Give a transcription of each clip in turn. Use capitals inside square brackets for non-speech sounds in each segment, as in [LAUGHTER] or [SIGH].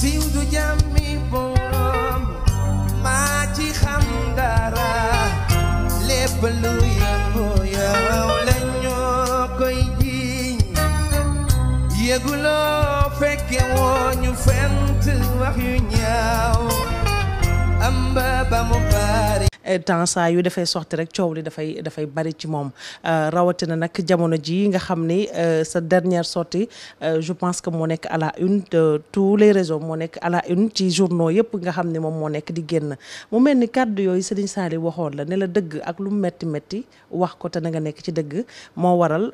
Se o do Eh, temps saa yu dafay sorti rek coow li dafay dafay bari ci mom moom eh, rawatina nak jamono ji nga xam ni eh, sa dernière sortie euh, je pense que moo nekk à la une de tous les réseaux moo nekk à la une ci journaux yëpp nga xam mom moom moo di génn mu melni cadeau yoy Serigne Sali waxon la ne la dëgg ak lu metti metti wax ko tan nga nek ci dëgg mo waral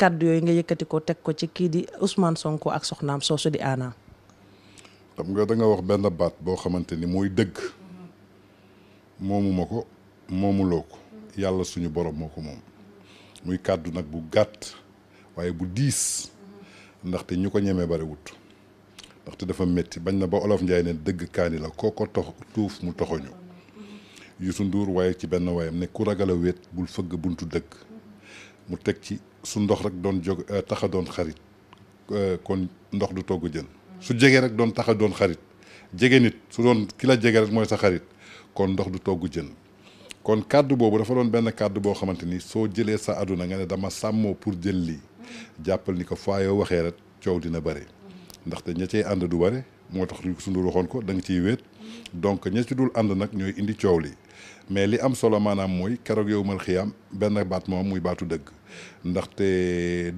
cadeau yoy nga yëkëti ko tek ko ci ki di Ousmane Sonko ak soxnam sosu di ana xam nga da nga wax benn baat boo xamante ni mooy dëgg. moomuma ko moomuloo ko yàlla suñu borom moo ko moom muy kàddu nag bu gàtt waaye bu diis ndaxte ñu ko ñemee bariwut ndaxte dafa metti bañ na ba olof Njaay ne dëgg kaani la ko ko tox tuuf mu toxoñu su Ndour waaye ci benn waayam ne ku ragal a wéet bul fëgg buntu dëgg mu teg ci su ndox rek doon jóg eh, taxa doon xarit eh, kon ndox du togg jën su jege rek doon taxa doon xarit jege nit su doon ki la jege rek mooy sa xarit kon ndox du togg jën kon kàddu boobu dafa doon benn kàddu boo xamante ni soo jëlee sa àdduna nga ne dama sàmmoo pour jël li jàppal ni ko faa yoo waxee rek coow dina bëri ndaxte ña cay ànd du bare moo tax sundur waxoon ko da nga ciy wéet donc ña ci dul ànd nag ñooy indi coow li mais li am solo maanaam mooy keroog yow mal xiyaam benn baat moom muy baatu dëgg ndaxte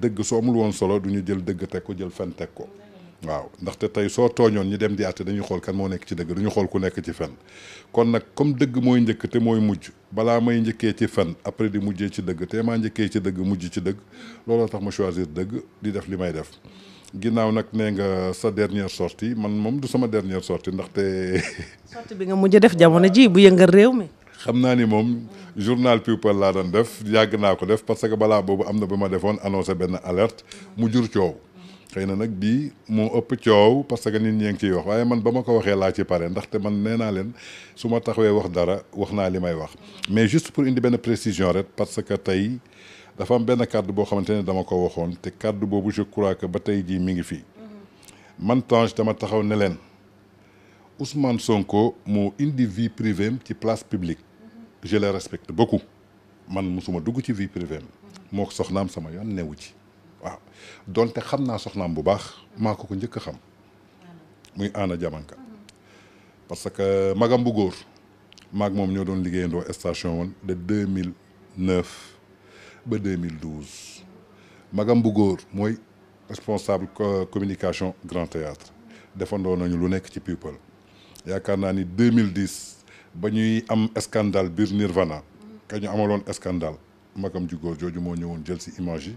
dëgg su amul woon solo du ñu jël dëgg teg ko jël fen teg ko waaw ndaxte tey soo tooñoon ñi dem di àtte dañuy xool kan moo nekk ci dëgg duñu xool ku nekk ci fen kon nag comme dëgg mooy njëkk te mooy mujj balaa may njëkkee ci fen après di mujjee ci dëgg te maa njëkkee ci dëgg mujj ci dëgg looloo tax ma choisir dëgg di def li may def ginnaaw nag nee nga sa dernière sortie man moom du sama dernière sorti ndaxte. [LAUGHS] sortie bi nga mujj def jamono ji bu yëngal réew mi. xam naa ni moom journal people laa doon def yàgg naa ko def parce que balaa boobu am na ba ma defoon annoncé benn alerte mu jur coow. xëy na nag bii moo ëpp coow parce que nit ñi ngi ciy wax waaye man ba ma ko waxee laa ci pare ndaxte man nee naa leen su ma taxawee wax dara wax naa li may wax mais juste pour indi benn précision rek parce que tey dafa am benn kàddu boo xamante ne dama ko waxoon te kàddu boobu je crois que ba tey jii mi ngi fii man Tange dama taxaw ne leen Ousmane Sonko mu indi vie privée am ci place publique je le respecte bokku man musuma dugg ci vie privée moo ko soxnaam sama yoon newu ci. waaw donte je naa bu baax ko ko parce que magam bu góor maag ñoo station de 2009 ba 2012 magam bu moy responsable communication Grand Théâtre defandoo nañu lu nekk ci people ni 2010 ba ñuy am scandale Bir Nirvana ka scandale magam ju joju jël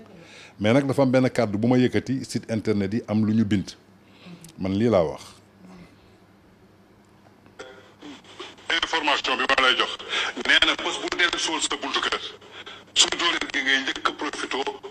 mais nag dafa am benn kàddu bu ma yëkkati site internet yi am lu ñu bind man lii laa wax. information bi ma lay jox nee na bés bu dee suul sa buntu kër su dooleen gi ngay njëkk a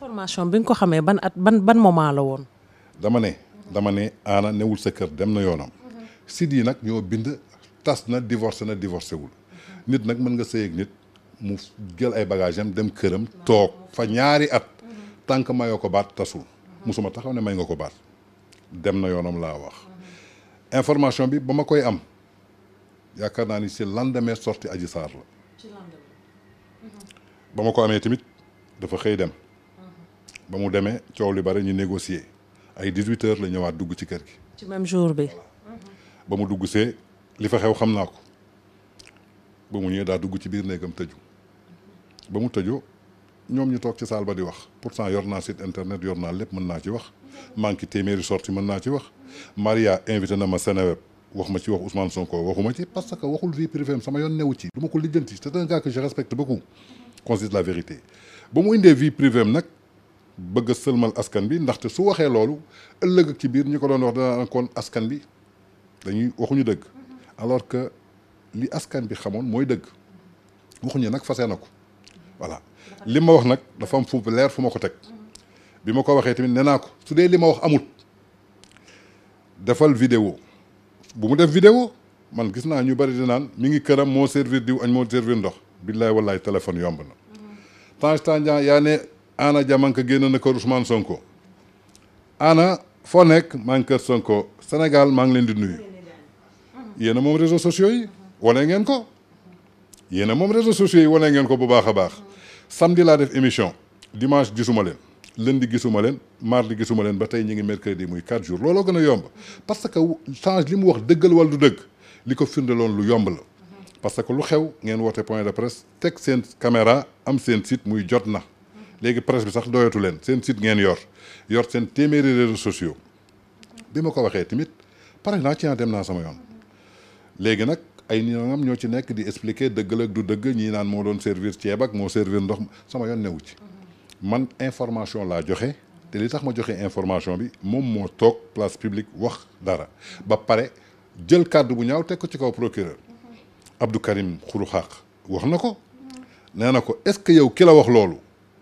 information bi nga ko xamee ban at ban ban moment la woon. dama ne dama ne Anna newul sa kër dem na yoonam. site yi nag ñoo bind tas na divorcé na divorcé wul. nit nag mën nga sëy ak nit mu jël ay bagages am dem këram toog fa ñaari at. tànk mayoo ko baat tasu musuma taxaw ne may nga ko baat. dem na yoonam laa wax. information bi ba ma koy am yaakaar naa ni si lendemain sorti Adji Sarr la. ba ma ko amee tamit dafa xëy dem. bamou mu ciow coow li bari ñu négocier ay 18 h la ñëwaat dugg ci kër gi. ci même jour bi. bamou mu dugg see li fa xew xamna ko bamou ñëw da daa dugg ci bir négam tëju bamou mu ñom ñu tok ci saal ba di wax pourtant yor naa site internet yor naa lépp mën ci wax manki téeméeri sorti mëna ci wax Maria invité na ma Seneweb wax ma ci wax Ousmane Sonko waxuma ci parce que waxul vie privée sama yoon newu ci duma ko lijjanti c'est un gars que je respecte beaucoup qu'on se dise la vérité bamou indé vie privée nak bëgg a sëlmal askan bi ndaxte su waxee loolu ëllëg ci biir ñi ko doon wax dana kon askan bi dañuy waxuñu dëgg alors que li askan bi xamoon mooy dëgg waxuñu nag fase na ko voilà li ma wax nag dafa am fu leer fu ma ko teg bi ma ko waxee tamit nee naa ko su dee li ma wax amut defal vidéo bu mu def vidéo man gis naa ñu bari di naan mi ngi këram moo servir diw añ moo servir ndox billaay wallaay téléphone yomb na Tange Tandian yaa ne ana Diamanka génn na kër Ousmane Sonko ana foo nekk maa ngi kër Sonko Sénégal maa ngi leen di nuyu yéen a moom réseaux sociaux yi wane ngeen ko yéen moom réseaux sociaux yi wane ngeen ko bu baax a baax samedi laa def émission dimanche gisuma leen di gisuma leen mardi gisuma leen ba tey ñu ngi mercredi muy 4 jours looloo gën a yomb parce que change li mu wax dëggal wala du dëgg li ko loon lu yomb la parce que lu xew ngeen woote point de presse teg seen caméra am seen site muy jot na. léegi presse bi sax doyatu leen seen sit ngeen yor yor seen téeméeri réseaux sociaux bi ma ko waxee tamit pare naa ci ah, dem naa sama yoon léegi nag ay niam ñoo ci nekk di expliquer dëgg la du dëgg ñii naan moo doon servir ceeb ak moo servir ndox sama yoon newu ci man information laa joxe te li tax ma joxe information bi moom moo toog place publique wax dara ba pare jël kàddu bu ñaaw teg ko ci kaw procureur Abdou Karim wax na ko nee na ko est-ce que yow ki la wax loolu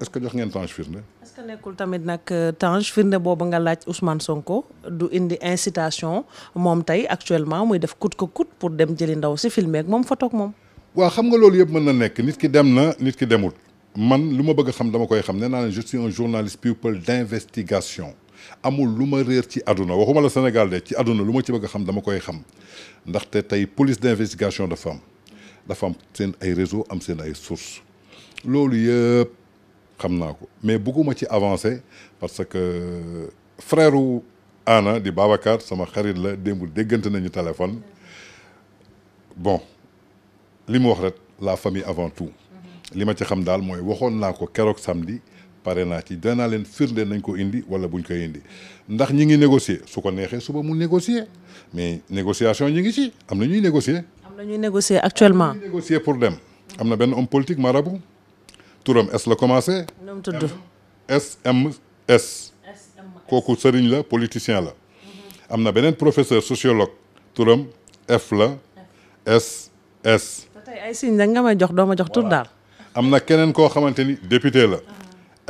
est-ce que j'ai ngeen Tange firnde. est-ce que nekkul tamit nag euh, Tange firnde boobu nga laaj Ousmane Sonko du indi incitation moom tey actuellement muy def coûte que coûte pour dem jeli ndaw ci filmer ak mom photo ak moom. waaw xam nga loolu yeb mën na nekk nit ki dem na nit ki demut man luma bëgg xam dama koy xam ne je suis un journaliste people d'investigation amul luma ma ci aduna waxuma la Sénégal de ci aduna luma ci bëgg xam dama koy xam té tay police d'investigation dafa femme. da femme sen ay réseau am sen ay sources loolu yeb mais beaucoup ci avancer parce que frère ou Anna de Babacar sama xarit la téléphone bon la famille avant tout que mhm. je xam je veux samedi ci que je nañ indi wala buñ indi ndax négocier négocier mais négociation ñi ngi ci que négocier. négocier actuellement. négocier pour dem que je homme politique marabout turam S la commencé. ñoom tudd SMS. Koko sëriñ la politicien la. Amna benen professeur sociologue turam F la. S S. te tey ay signes nag nga may jox doo ma jox tur député la.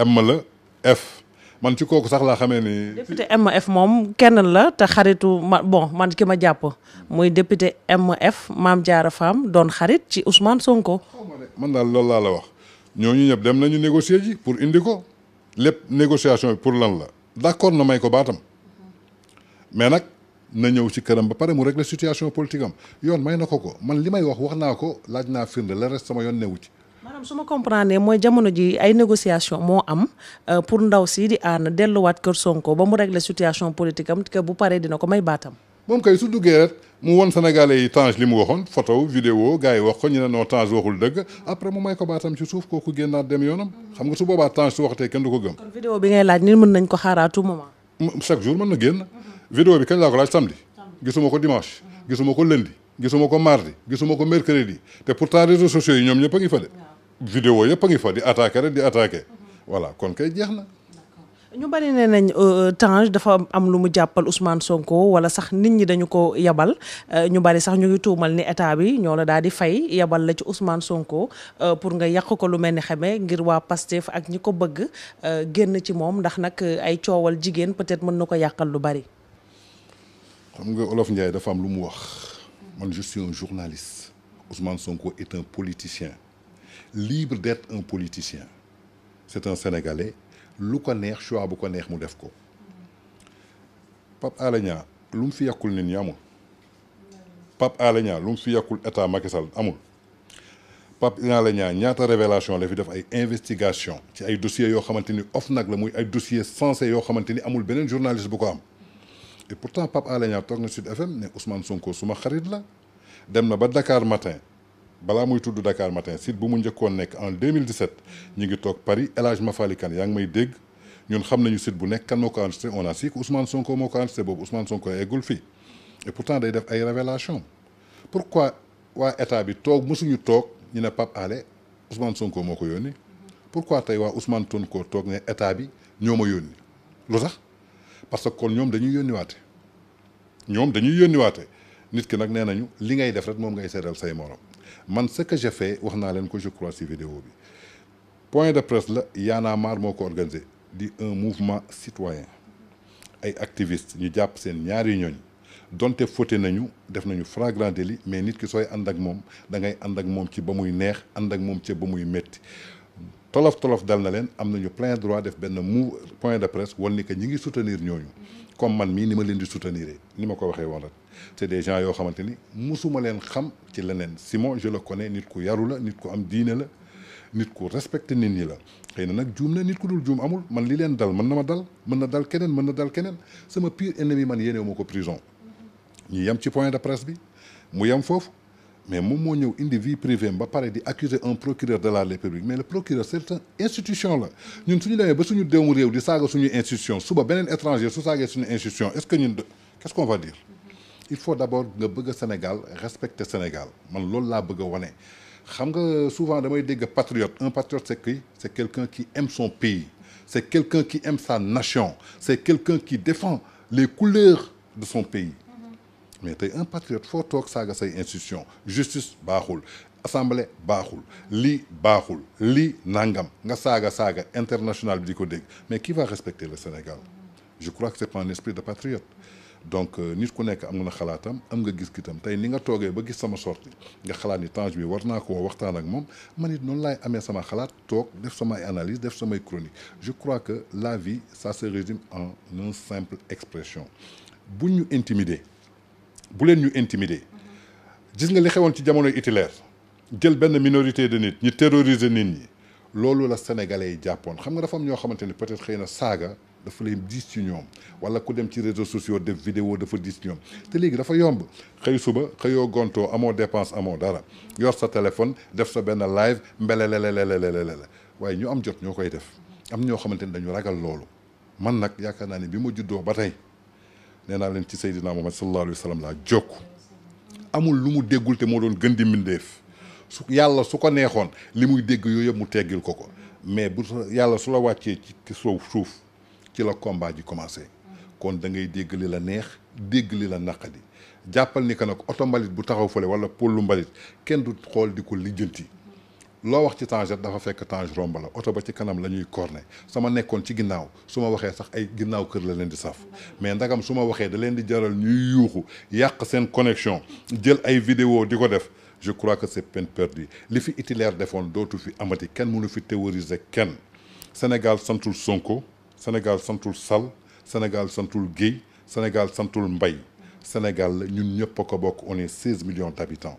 M la F. man ci koko sax la xamee ni. député F. Mom, Kenen la ta haritu bon man ki ma diapo. muy député F. Mam Diarra Fam don xarit ci Ousmane Sonko. man daal la wax. ñooñu ñëpp dem nañu négocier ji pour indi ko lépp négociation bi pour lan la d'accord na may ko baatam mais nag na ñëw ci këram ba pare mu régler situation politique am yoon may na ko ko man li may wax wax naa ko laaj naa firnde la reste sama yoon newu ci. maanaam su ma comprendre mooy jamono ji ay négociation moo am euh, pour ndaw sii di ànd delluwaat kër Sonko ba mu régler situation politique am bu paree dina ko may baatam. moom kay su duggee rek mu won sénégalais yi Tange li mu waxoon photo vidéo gars yi wax ko ñu ne non Tange waxul dëgg après mu may ko baatam ci suuf kooku génnaat dem yoonam xam nga su boobaa Tange su waxtee kenn du ko gëm. kon vidéo bi ngay laaj nii mën nañ ko xaar à ko laaj samedi. gisuma ko dimanche. gisuma ko lundi. gisuma ko mardi gisuma ko mercredi te pourtant réseaux sociaux yi ñoom ñëpp a ngi fa de. vidéo yëpp a ngi fa di attaqué rek di attaqué. Mm-hmm. voilà kon kay jeex na. ñu bari nee nañ euh, euh, Tange dafa am lu mu jappal Ousmane Sonko wala sax nit ñi dañu ko yabal euh, ñu bari sax ñu ngi tuumal ni état bi ñoo la daal di fay yabal la ci Ousmane Sonko pour nga yàq ko lu melni ni ngir wa Pastef ak ñiko ko bëgg genn ci mom ndax nak ay ciowal jigen peut-être mën nako yakal lu bari. xam nga Olof Ndiaye dafa am lu mu wax man je suis un journaliste Ousmane Sonko est un politicien libre d'être un politicien c'est un Sénégalais. lu ko neex choix bu ko neex mu def ko pap alagna lum fi yakul nit ñi amul pap alagna lum fi yakul état makissal amul pap alagna ñaata révélation la fi def ay investigation ci ay dossier yo xamanteni ni nak la muy ay dossier sensé yo xamanteni amul benen journaliste bu ko am et pourtant pap alagna tok na Sud FM ne Ousmane Sonko suma xarit la dem na ba Dakar matin balaa muy tudd Dakar matin site bu mu njëkkoon nekk en 2017 ñu ngi toog Paris El Hadj Mafali Kane yaa ngi may dégg ñun xam nañu site bu nekk kan moo ko enregistré on a si Ousmane Sonko moo ko enregistré boobu Ousmane Sonko eggul fii day def ay révélation pourquoi waa état bi toog mësuñu toog ñu ne Pape Alé Ousmane Sonko moo ko yónni pourquoi tey waa Ousmane Sonko toog ne état bi ñoo ma yónni lu tax parce que kon ñoom dañuy yónniwaate ñoom dañuy yónniwaate nit ki nag nee nañu li ngay def rek moom ngay seetal say morom. man ce que j'ai fait wax naa ko je crois si vidéo bi point de presse la yana mar marre moo ko organisé di un mouvement citoyen ay activistes ñu japp sen ñaari ñooñ donté fauté nañu def nañu flagrant délit mais nit ki soy and ak mom da ngay and ak mom ci ba muy neex and ak mom ci ba muy métti tolof tolof dal na len amna ñu plein droit def ben point de presse wolni ke ñi ngi soutenir ñooñu comme man mi ni ma len di soutenir ni ma ko waxe woon rek c'est des gens yo xamanteni musuma len xam ci lenen Simon je le connais nit ku yaru la nit ku am diine la nit ku respecte nit ñi la xeyna nak joom na nit ku dul joom amul man li len dal man na ma dal man na dal kenen man na dal kenen sama pire ennemi man yene ma ko prison ñi yam ci point de presse bi mu yam fofu mais mon moo individu indi vie privée ba pare di accuser un procureur de la république mais le procureur c'est une institution Si ñun suñu une ba suñu doomu des di suñu institution suba un étranger su saagee une institution est-ce que qu'est-ce qu'on va dire il faut d'abord nga le Sénégal respecter Sénégal man je veux bëgg Je wane xam nga souvent damay dégg patriote un patriote c'est quelqu'un qui aime son pays c'est quelqu'un qui aime sa nation c'est quelqu'un qui défend les couleurs de son pays mais tey un patriote faut toog saaga say institution justice Bahoul. assemblée Bahoul. Li, Bahoul. Li, nangam nga saga saga international bi di mais qui va respecter le Sénégal je crois que c'est pas un esprit de patriote donc euh, nit ku nekk am nga xalaatam am nga gis gitam tey ni nga toogee ba gis sama sortie nga xalaat ni Tange bi war naa koo waxtaan ak moom man it noonu laay amee sama xalaat toog def samay analyse def samay chronique je crois que la vie ça se résume en une simple expression bu ñu intimider vous voulez nous intimider vous nga li xewoon ci jamono Hitler jël une minorité de nit ñi terroriser nit ñi loolu la sénégalais Japon Vous xam nga dafa am peut-être saga, dafa lay ci Ou wala ku dem ci réseaux sociaux def vidéo dafa diis ci Quand te dafa yomb suba dépense dara yor sa téléphone def sa live des gens ñu am jot def am gens qui man nee naa leen ci Seydina Muhammad sallallahu alayhi wa sallam laa jokk amul lu mu déggul te moo doon gën di mbindeef su yàlla su ko neexoon li muy dégg yooyu yëpp mu teggil ko ko mais bu yàlla su la wàccee ci suuf suuf ci la combat ji commencé kon da ngay dégg li la neex dégg li la naqadi jàppal ni que nag oto mbalit bu taxaw fële wala pollu mbalit kenn du xool di ko lijjanti lo wax ci Tange dafa fekk Tange romb la oto ba ci kanam lañuy ñuy corné sama nekkon ci ginnaw suma ma sax ay ginnaw kër la leen di saf mais ndagam suma ma da leen di jaral ñuy yuuxu yàq sen connexion jël ay vidéo diko def je crois que c'est peine perdue li fi itilaire defoon dootu fi amati ken mënu fi théoriser ken Sénégal santul Sonko Sénégal santul sal Sénégal santul gay Sénégal santul mbay Sénégal ñun ñëpp ko bok on est 16 millions d'habitants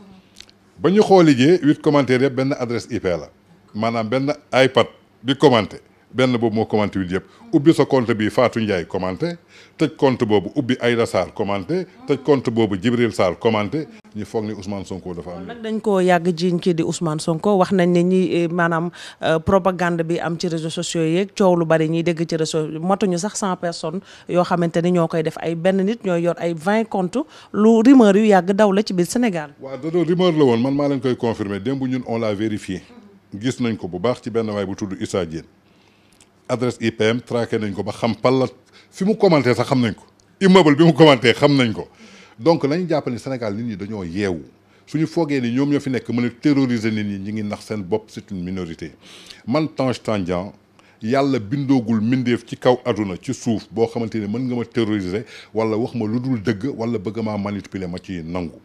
ba ñu xooli jee huit commentaires yëpp benn adresse IP la maanaam benn iPad bi commenté benn boobu moo commenté wul yëpp ubbi sa compte bi Fatou Ndiaye commenté tëj compte boobu ubbi Aïda Sarr commenté tëj compte boobu Djibril saar commenté ñu foog ni Ousmane Sonko dafa am. nag dañ koo yàgg jiiñ kii di Ousmane Sonko wax nañ ne ñi eh, maanaam euh, propagande bi am ci réseaux sociaux yeeg coow lu bari ñuy dégg ci réseaux motuñu sax cent personnes yoo xamante ni ñoo koy def ay benn nit ñooy yor ay vingt comptes lu rumeur yu yàgg daw la ci biir Sénégal. waa dodo rumeur la woon man maa lañ koy confirmer démb ñun on l'a vérifié. gis nañ ko bu baax ci benn waay bu tudd Issa Diène adresse IPM traqué nañ ko ba xam palla fi mu commenté sax xam nañ ko immeuble bi mu xam nañ ko. donc la ñu jàpp ni Sénégal nit ñi dañoo yeewu suñu foogee ni ñoom ñoo fi nekk mën a terroriser nit ñi ñi ngi nax seen bopp c'est une minorité man Tange Tandian yalla bindogul mindeef ci kaw aduna ci souf bo xamante ni mën nga ma terroriser wala wax ma luddul dul dëgg wala bëgg ma manipuler ma ci nangu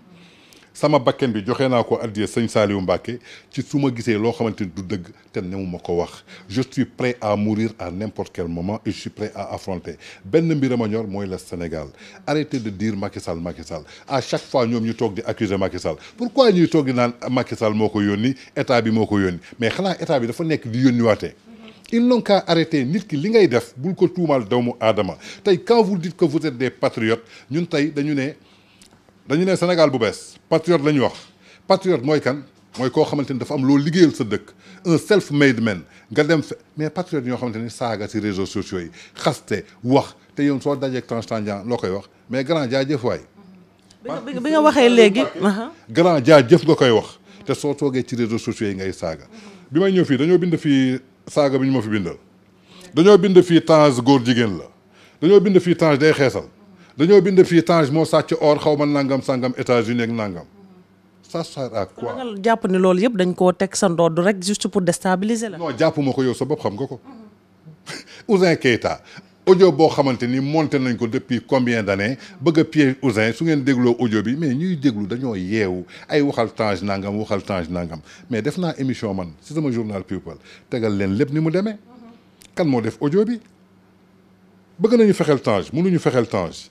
sama bakken bi joxe naa ko addiya sëñ Saliou Mbacké ci suma ma lo xamanteni du deug te newu ma wax je suis prêt à mourir à n'importe quel moment et je suis prêt à affronter ben mbir ma ñor mooy le Sénégal arrêtez de dire Macky Sall Macky Sall à chaque fois ñom ñu tok di accuser Macky Sall pourquoi ñuy tok di naan Macky Sall moo ko état bi moko yoni mais xala état bi dafa nek di yónniwaatee ils n'ont qu'à arrêter nit ki li ngay def bul ko tuumaal doomu adama tay quand vous dites que vous êtes des patriotes ñun tay dañu ne dañu ne Sénégal bu bess patriote lañ wax patriote moy kan moy ko xamanteni dafa am lo liggéeyal sa dëkk un self made man nga dem mais patriote ñoo xamanteni saga ci réseaux sociaux yi xaste wax te yoon so dajé ak Tandian lo koy wax mais grand jaajëf waay. bi bi nga waxé légui grand jaajëf nga koy wax te so togué ci réseaux sociaux yi ngay saga bi may ñëw fi dañoo bind fi saga bi ñu ma fi bindal. dañoo bind fi Tange góor jigen la dañoo bind fi Tange day xéssal dañoo bind fii Tange moo sàcc or xaw ma nangam sangam États-Unis ak nangam ça sert à quoi. nga jàpp ni loolu yëpp dañ koo teg sa ndodd rek juste pour déstabiliser la. non jàpp ma ko yow sa bopp xam nga ko Ouzin Keita audio boo xamante ni monté nañ ko depuis combien d'années bëgg a pied Ouzin su ngeen dégloo audio bi mais ñuy déglu dañoo yeewu ay waxal Tange nangam waxal Tange nangam mais def naa émission man si sama journal People tegal leen lépp ni mu demee kan moo def audio bi bëgg nañu fexeel Tange mënuñu fexeel Tange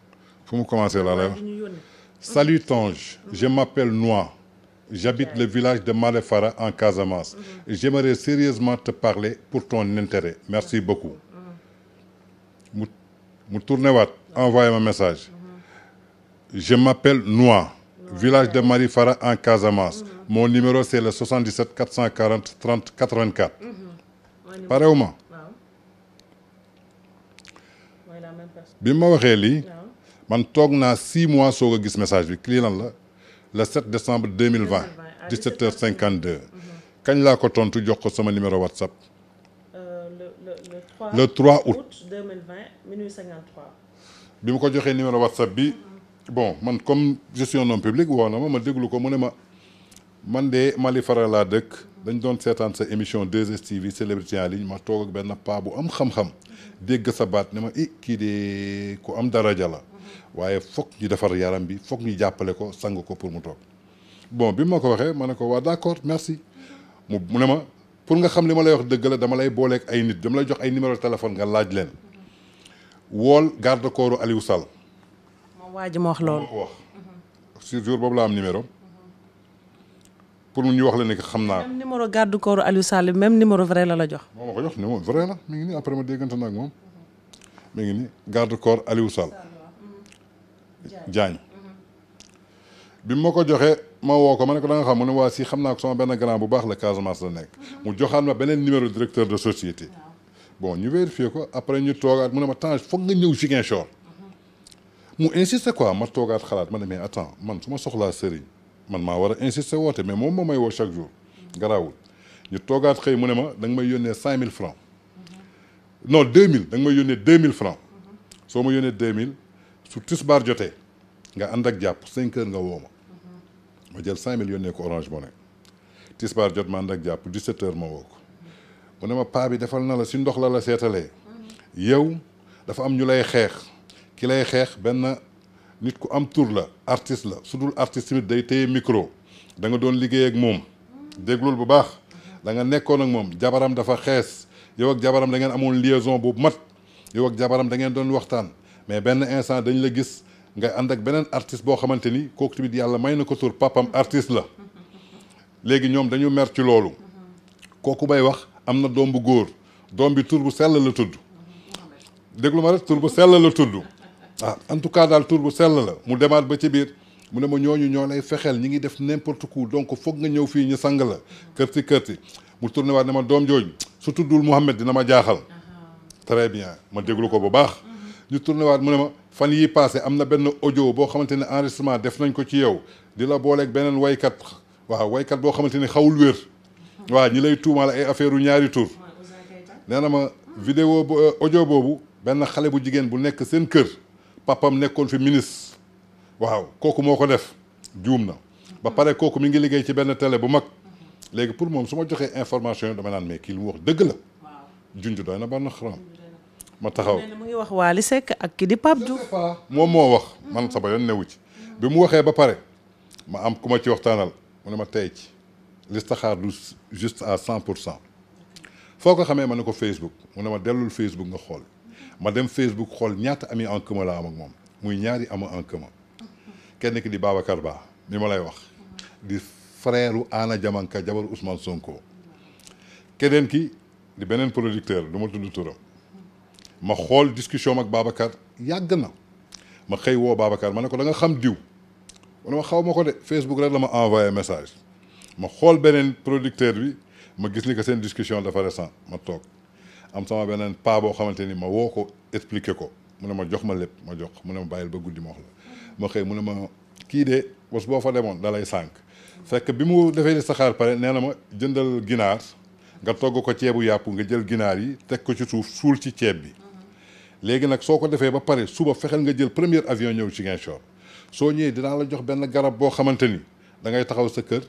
Comment commencer la salut Tange je m'appelle Noa j'habite le village de Malefara en Casamance mm-hmm. j'aimerais sérieusement te parler pour ton intérêt merci mm-hmm. beaucoup mm-hmm. mu mu envoyez un message je m'appelle Noa village de Marifara en Casamance mon numéro c'est le 77 440 30 84 Par bi ma même man tok na six mois soog gis message bi client la le 7 décembre 2020 17 h 52 kagn la ko tontu jox ko sama numéro whatsapp euh, le 3 août 2020 minuit 53 bi ko joxee numéro whatsapp bi bon man comme je suis un homme public woo ma ma déglu ko mu man de Mali Fara laa dëkk dañ don sétane sa émission 2STV célébrité en ligne ma tok ak ben pa bu am xam-xam dégg sa baat ne ma eh, i de ku am daraja la waaye foog ñu defar yaram bi foog ñu jàppale ko sang ko pour mu toog bon bi ma ko waxee ma ne ko waa d'accord merci mu ne ma pour nga xam li ma lay wax dëgg la dama lay booleek ay nit dama lay jox ay numéro téléphone nga laaj leen wool garde corps Aliou Sall. moom waa wax loolu wax. boobu la am numéro. pour ñu wax la ne xam naa. même numéro garde corps Aliou Sall même numéro la la jox. moom ma ko jox ngi nii ma déggante na ak moom ngi nii garde corps Diagne bi ma ko joxee ma woo ko ma ne ko da nga xam mu ne waa si xam naa ko sama benn grand bu baax la Casamance la nekk mu joxaat ma beneen numéro directeur de société bon ñu vérifié ko après ñu toogaat mu ne ma Tange foog nga ñëw Ziguinchor mu insisté quoi ma toogaat xalaat ma ne mais attends man su ma soxlaa sëriñ man maa war a insisté woote mais moom moo may woo chaque jour garaawul ñu toogaat xëy mu ne ma da nga may yónnee cinq mille francs non deux mille da nga may yónnee deux mille francs soo ma yónnee deux mille su tisbaar jotee nga ànd ak jàpp cinq nga woo ma ma jël cinq mille yónnee ko Orange Money tisbaar jot ma ànd ak jàpp dix-sept heures ma woo ko mu ne ma paa bi defal na la si ndox la la seetalee yow dafa am ñu lay xeex ki lay xeex benn nit ku am tour la artiste la su dul artiste tamit day téye micro da nga doon liggéey ak moom déglul bu baax danga nekkoon ak moom jabaram dafa xees yow ak jabaram da ngeen amoon liaison bu mat yow ak jabaram da ngeen doon waxtaan mais benn instant dañ la gis nga ànd ak beneen artiste boo xamante ni kooku tamit yàlla may na ko tur papam artiste la léegi ñoom dañu mer loolu kooku bay wax am na doom bu góor doom bi tur bu sell la tudd déglu ma rek tur bu sell la tudd ah en tout cas daal tur bu sell la mu demaat ba ci biir mu ne ma ñooñu ñoo lay fexeel ñi ngi def n'importe quoi donc foog nga ñëw fii ñu sang la kërti kërti mu tourné waat ne ma doom jooju su tuddul Mouhamed dina ma jaaxal ah. ñu tourner waat mu ne ma fan yi passé amna ben audio bo xamanteni enregistrement def nañ ko ci yow di la bolé ak benen way kat waaw way kat bo xamanteni xawul wér waaw ñi lay tuuma la ay affaireu ñaari tour nee ma vidéo bo audio bobu ben xale bu jigen bu nek seen kër papam nekkon fi ministre waaw koku moko def juum na ba pare koku mi ngi liggéey ci ben télé bu mag légui pour mom suma joxé information dama nan mais ki lu wax deug la junj doy na ban xaram ma taxaw nee na mu ngi wax Waly Seck ak ki di Pape Diouf moom moo wax man sama yoon newu ci bi mu waxee ba pare ma am ku ma ci waxtaanal mu ne ma tey ci listaxaar du juste à cent pour cent foo ko xamee ma ne ko Facebook mu ne ma dellul Facebook nga xool ma dem Facebook xool ñaata ami en commun la am ak moom muy ñaari ama en commun kenn ki di Babacar Ba mi ma lay wax di frère u Anna Diamanka jabaru Ousmane Sonko keneen ki di beneen producteur du ma tudd turam ma xool discussion mag Babacar yàgg na ma xëy woo Babacar ma ne ko da nga xam diw wala ma xaw ma ko de Facebook rek la ma envoyé message ma xool beneen producteur bi ma gis ni que seen discussion dafa récent ma toog am sama beneen paa boo xamante ni ma woo ko expliqué ko mun ne ma jox ma lépp ma jox mu ne ma bàyyil ba guddi ma wax la ma xëy mu ne ma kii de bos boo fa demoon dalay sànq fekk bi mu defee di saxaar pare nee na ma jëndal ginaar nga togg ko ceebu yàpp nga jël ginaar yi teg ko ci suuf suul ci ceeb bi léegi nag soo ko defee ba pare suba fexeel nga jël premier avion ñëw Ziguinchor soo ñëwee dinaa la jox benn garab boo xamante ni dangay taxaw sa kër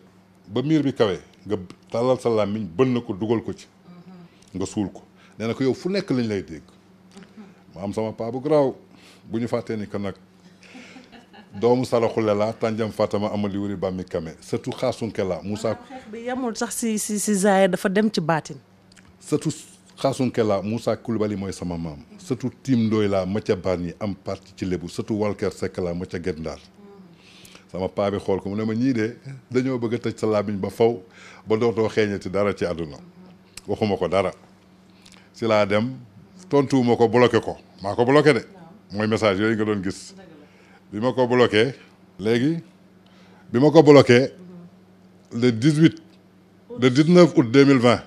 ba miir bi kawe nga talal sa làmmiñ bën na ko dugal ko ci mm-hmm. nga suul ko nee ko yow fu nekk lañ lay dégg mu mm-hmm. am sama paa bu garaaw bu ñu fàttee ni que nag doomu saraxule la tànjam Fatama amali wuri bàmmi kame surtout xaasunke la Moussa. Ah, xeex bi yemul sax si si si zaaya dafa dem ci baatin. surtout. xaasun ke la Moussa Koulibaly mooy sama maam surtout Tim ndooy la ma ca baan yi am parti ci lébu surtout Walker Seck la ma ca Gendaar sama paa bi xool ko mu ne ma ñii de dañoo bëgg a tëj sa làmmiñ ba faw ba dootoo xeeñati dara ci àdduna waxuma ko dara si laa dem tontuwuma ko bloqué ko maa ko bloqué de mooy message yooyu nga doon gis bi ma ko bloqué léegi bi ma ko bloqué le 18 le 19 août 2020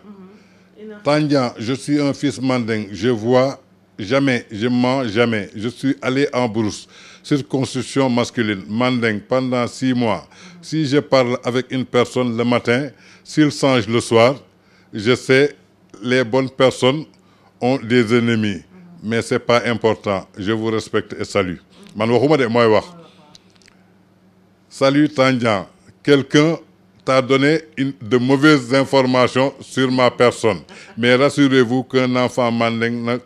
Tanja, je suis un fils manding, je vois jamais, je mens jamais. Je suis allé en brousse, circonscription masculine, manding, pendant six mois. Si je parle avec une personne le matin, s'il change le soir, je sais les bonnes personnes ont des ennemis. Mais ce n'est pas important. Je vous respecte et salue. Salut Tanja. quelqu'un t'a donné une, de mauvaises informations sur ma personne. Mais rassurez-vous qu'un enfant manding ne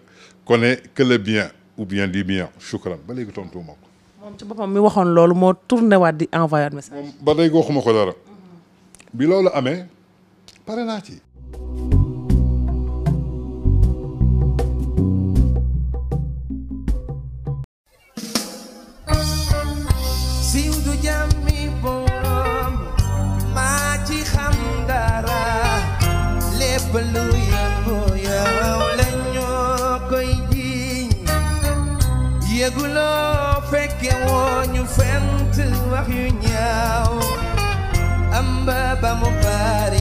connaît que le bien ou bien du bien. Choukran. Ba légui tontou mako. Mom ci bopam mi waxon lolu mo tourné wat di envoyer message. Mom ba légui waxuma ko dara. Bi lolu amé paré na ci. balu yàmbu yaaw lañoo koy jiiñ yëguloo fekke woo ñu fent wax yu ñaaw amba ba mu baari